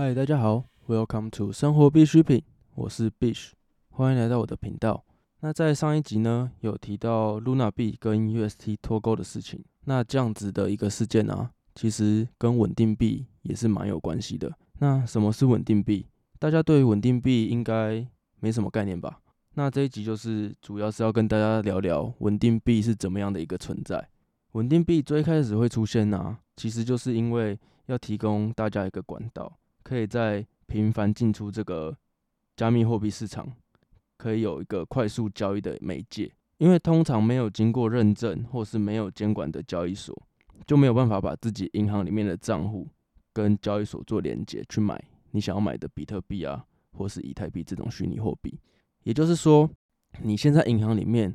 嗨，Hi, 大家好，Welcome to 生活幣需品，我是幣許，歡迎來到我的頻道。那在上一集呢，有提到 Luna 幣跟 UST 脫鈎的事情，那這樣子的一個事件啊，其實跟穩定幣也是蠻有關係的。那什麼是穩定幣？大家對穩定幣應該沒什麼概念吧？那這一集就是主要是要跟大家聊聊穩定幣是怎麼樣的一個存在。穩定幣最開始會出現啊，其實就是因為要提供大家一個管道。可以在頻繁進出這個加密貨幣市場，可以有一個快速交易的媒介。因為通常沒有經過認證或是沒有監管的交易所，就沒有辦法把自己銀行裡面的賬戶跟交易所做連接，去買你想要買的比特幣啊，或是以太幣這種虛擬貨幣。也就是說，你現在銀行裡面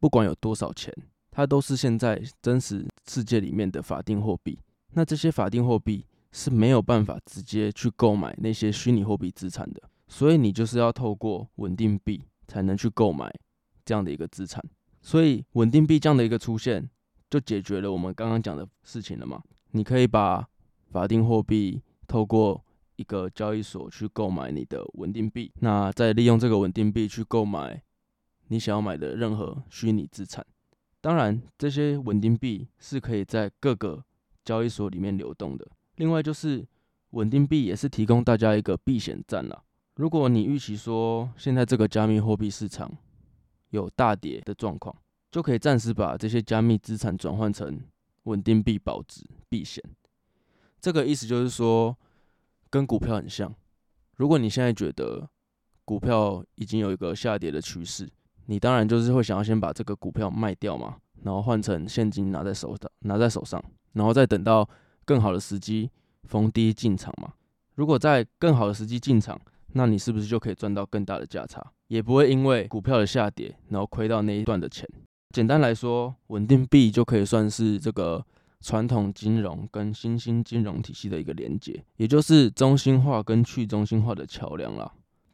不管有多少錢，它都是現在真實世界裡面的法定貨幣。那這些法定貨幣，是沒有辦法直接去購買那些虛擬貨幣資產的，所以你就是要透過穩定幣才能去購買這樣的一個資產。所以穩定幣這樣的一個出現，就解決了我們剛剛講的事情了嘛，你可以把法定貨幣透過一個交易所去購買你的穩定幣，那再利用這個穩定幣去購買你想要買的任何虛擬資產。當然，這些穩定幣是可以在各個交易所裡面流動的。另外就是穩定幣也是提供大家一個避險站啦、啊，如果你預期說現在這個加密貨幣市場有大跌的狀況，就可以暫時把這些加密資產轉換成穩定幣保值避險。這個意思就是說，跟股票很像。如果你現在覺得股票已經有一個下跌的趨勢，你當然就是會想要先把這個股票賣掉嘛，然後換成現金拿在手的，拿在手上，然後再等到。更好的時機逢低進場嘛？如果在更好的時機進場，那你是不是就可以賺到更大的價差？也不會因為股票的下跌，然後虧到那一段的錢。簡單來說，穩定幣就可以算是這個傳統金融跟新興金融體系的一個連接，也就是中心化跟去中心化的橋樑啦。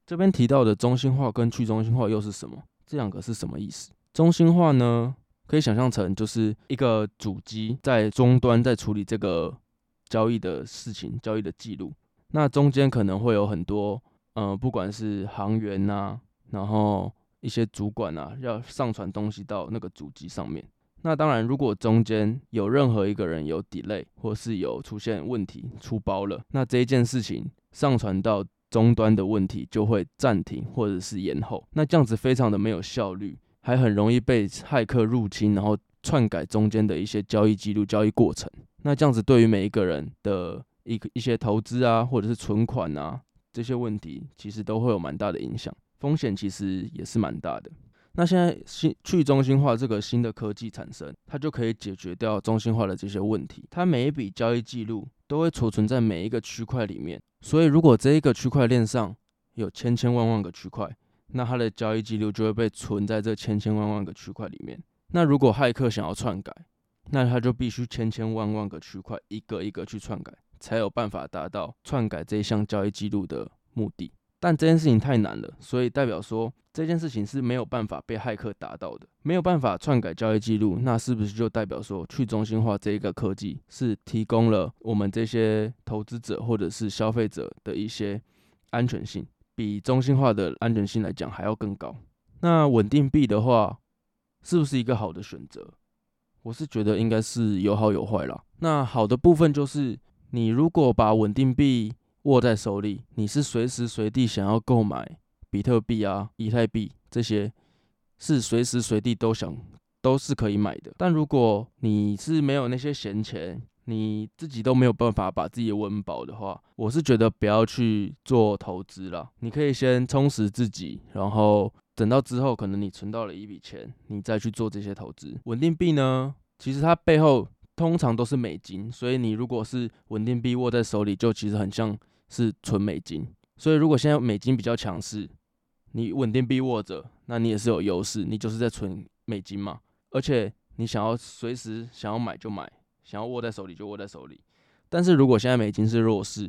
這邊提到的中心化跟去中心化又是什麼？這兩個是什麼意思？中心化呢，可以想象成就是一個主機在終端在處理這個。交易的事情，交易的記錄，那中間可能會有很多，嗯、呃，不管是行員吶、啊，然後一些主管啊，要上傳東西到那個主機上面。那當然，如果中間有任何一個人有 delay 或是有出現問題出包了，那這一件事情上傳到終端的問題就會暫停或者是延後。那這樣子非常的沒有效率，還很容易被駭客入侵，然後篡改中間的一些交易記錄、交易過程。那這樣子對於每一個人的一一些投資啊，或者是存款啊，這些問題其實都會有蠻大的影響，風險其實也是蠻大的。那現在新去中心化這個新的科技產生，它就可以解決掉中心化的這些問題。它每一筆交易記錄都會儲存在每一個區塊裡面，所以如果這一個區塊鏈上有千千萬萬個區塊，那它的交易記錄就會被存在這千千萬萬個區塊裡面。那如果駭客想要篡改，那他就必須千千萬萬個區塊一個一個去篡改，才有辦法達到篡改這一項交易記錄的目的。但這件事情太難了，所以代表說這件事情是沒有辦法被駭客達到的，沒有辦法篡改交易記錄。那是不是就代表說去中心化這個科技是提供了我們這些投資者或者是消費者的一些安全性，比中心化的安全性來講還要更高？那穩定幣的話，是不是一個好的選擇？我是覺得應該是有好有壞啦。那好的部分就是，你如果把穩定幣握在手裡，你是隨時隨地想要購買比特幣啊、以太幣這些，是隨時隨地都想都是可以買的。但如果你是沒有那些閒錢，你自己都沒有辦法把自己的溫飽的話，我是覺得不要去做投資啦。你可以先充實自己，然後。等到之後，可能你存到了一筆錢，你再去做這些投資。穩定幣呢，其實它背後通常都是美金，所以你如果是穩定幣握在手裡，就其實很像是存美金。所以如果現在美金比較強勢，你穩定幣握着，那你也是有優勢，你就是在存美金嘛。而且你想要隨時想要買就買，想要握在手裡就握在手裡。但是如果現在美金是弱勢，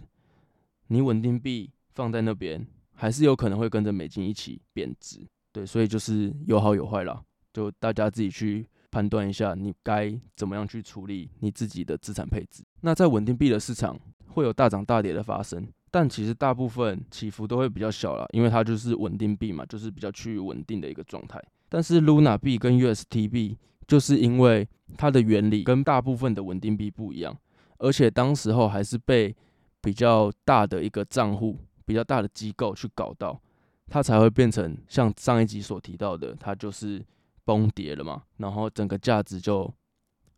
你穩定幣放在那邊，還是有可能會跟着美金一起貶值。對，所以就是有好有壞了，就大家自己去判斷一下，你該怎麼樣去處理你自己的資產配置。那在穩定幣的市場會有大漲大跌的發生，但其實大部分起伏都會比較小了，因為它就是穩定幣嘛，就是比較趨於穩定的一個狀態。但是 Luna 幣跟 UST 幣就是因為它的原理跟大部分的穩定幣不一樣，而且當時候還是被比較大的一個賬戶、比較大的機構去搞到。它才會變成像上一集所提到的，它就是崩跌了嘛，然後整個價值就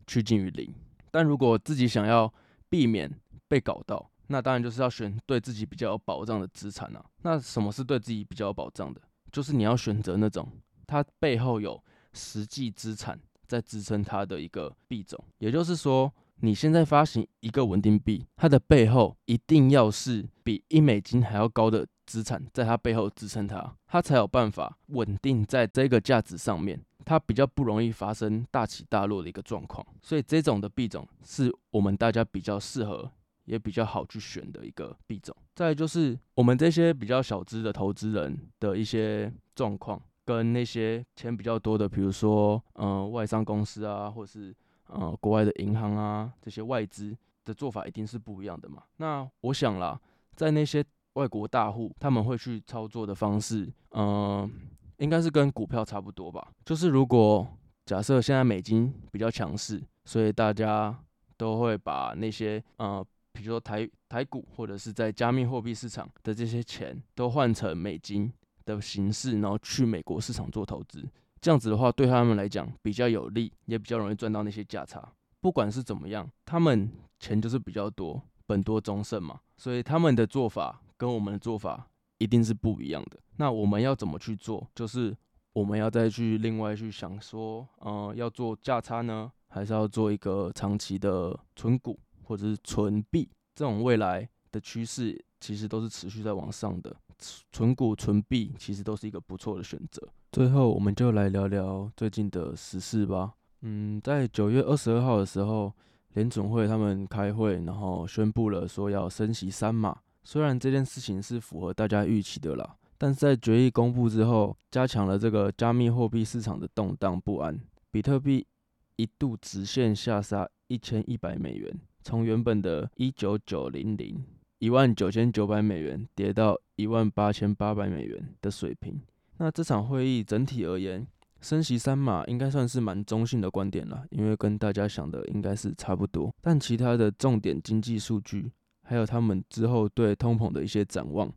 趨近於零。但如果自己想要避免被搞到，那當然就是要選對自己比較有保障的資產吶、啊。那什麼是對自己比較有保障的？就是你要選擇那種它背後有實際資產在支撐它的一個幣種。也就是說，你現在發行一個穩定幣，它的背後一定要是比一美金還要高的。資產在它背後支撐它，它才有辦法穩定在這個價值上面，它比較不容易發生大起大落的一個狀況。所以這種的幣種是我們大家比較適合，也比較好去選的一個幣種。再來就是我們這些比較小資的投資人的一些狀況，跟那些錢比較多的，比如說嗯、呃、外商公司啊，或是嗯、呃、國外的銀行啊，這些外資的做法一定是不一樣的嘛。那我想啦，在那些。外國大戶他們會去操作的方式，嗯、呃，應該是跟股票差不多吧。就是如果假設現在美金比較強勢，所以大家都會把那些呃，比如說台台股或者是在加密貨幣市場的這些錢，都換成美金的形式，然後去美國市場做投資。這樣子的話，對他們來講比較有利，也比較容易賺到那些價差。不管是怎麼樣，他們錢就是比較多，本多終勝嘛，所以他們的做法。跟我們的做法一定是不一樣的。那我們要怎麼去做？就是我們要再去另外去想說，呃，要做價差呢，還是要做一個長期的存股或者是存幣？這種未來的趨勢其實都是持續在往上的，存股存幣其實都是一個不錯的選擇。最後，我們就來聊聊最近的時事吧。嗯，在九月二十二號的時候，聯準會，他們開會，然後宣布了說要升息三碼。雖然這件事情是符合大家預期的啦，但是在決議公布之後，加強了這個加密貨幣市場的動盪不安。比特幣一度直線下殺一千一百美元，從原本的一九九零零、一萬九千九百美元跌到一萬八千八百美元的水平。那這場會議整體而言，升息三碼應該算是蠻中性的觀點啦，因為跟大家想的應該是差不多，但其他的重點經濟數據，還有他們之後對通膨的一些展望，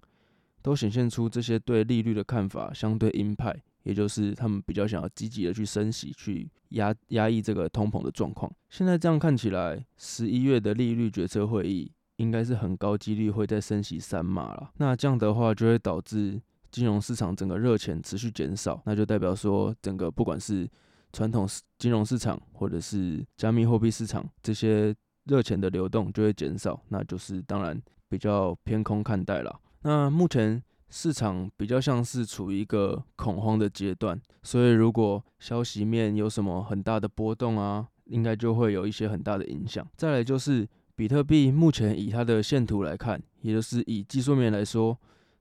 都顯現出這些對利率的看法相對鷹派，也就是他們比較想要積極的去升息，去壓壓抑這個通膨的狀況。現在這樣看起來，十一月的利率決策會議應該是很高幾率會再升息三碼了。那這樣的話，就會導致金融市場整個熱錢持續減少，那就代表說整個不管是傳統金融市場或者是加密貨幣市場這些。熱錢的流動就會減少，那就是當然比較偏空看待啦。那目前市場比較像是處於一個恐慌的階段，所以如果消息面有什麼很大的波動啊，應該就會有一些很大的影響。再來就是比特幣，目前以它的線圖來看，也就是以技術面來說，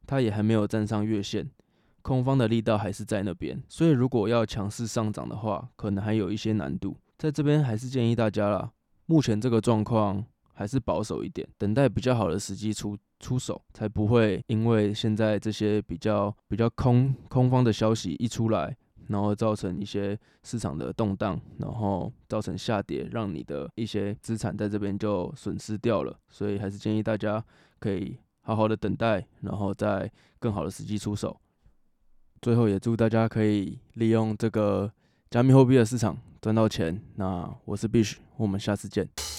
它也還沒有站上月線，空方的力道還是在那邊，所以如果要強勢上漲的話，可能還有一些難度。在這邊還是建議大家啦。目前這個狀況還是保守一點，等待比較好的時機出出手，才不會因為現在這些比較比較空空方的消息一出來，然後造成一些市場的動盪，然後造成下跌，讓你的一些資產在這邊就損失掉了。所以還是建議大家可以好好的等待，然後在更好的時機出手。最後也祝大家可以利用這個加密貨幣的市場賺到錢，那我是幣許。我們下次見。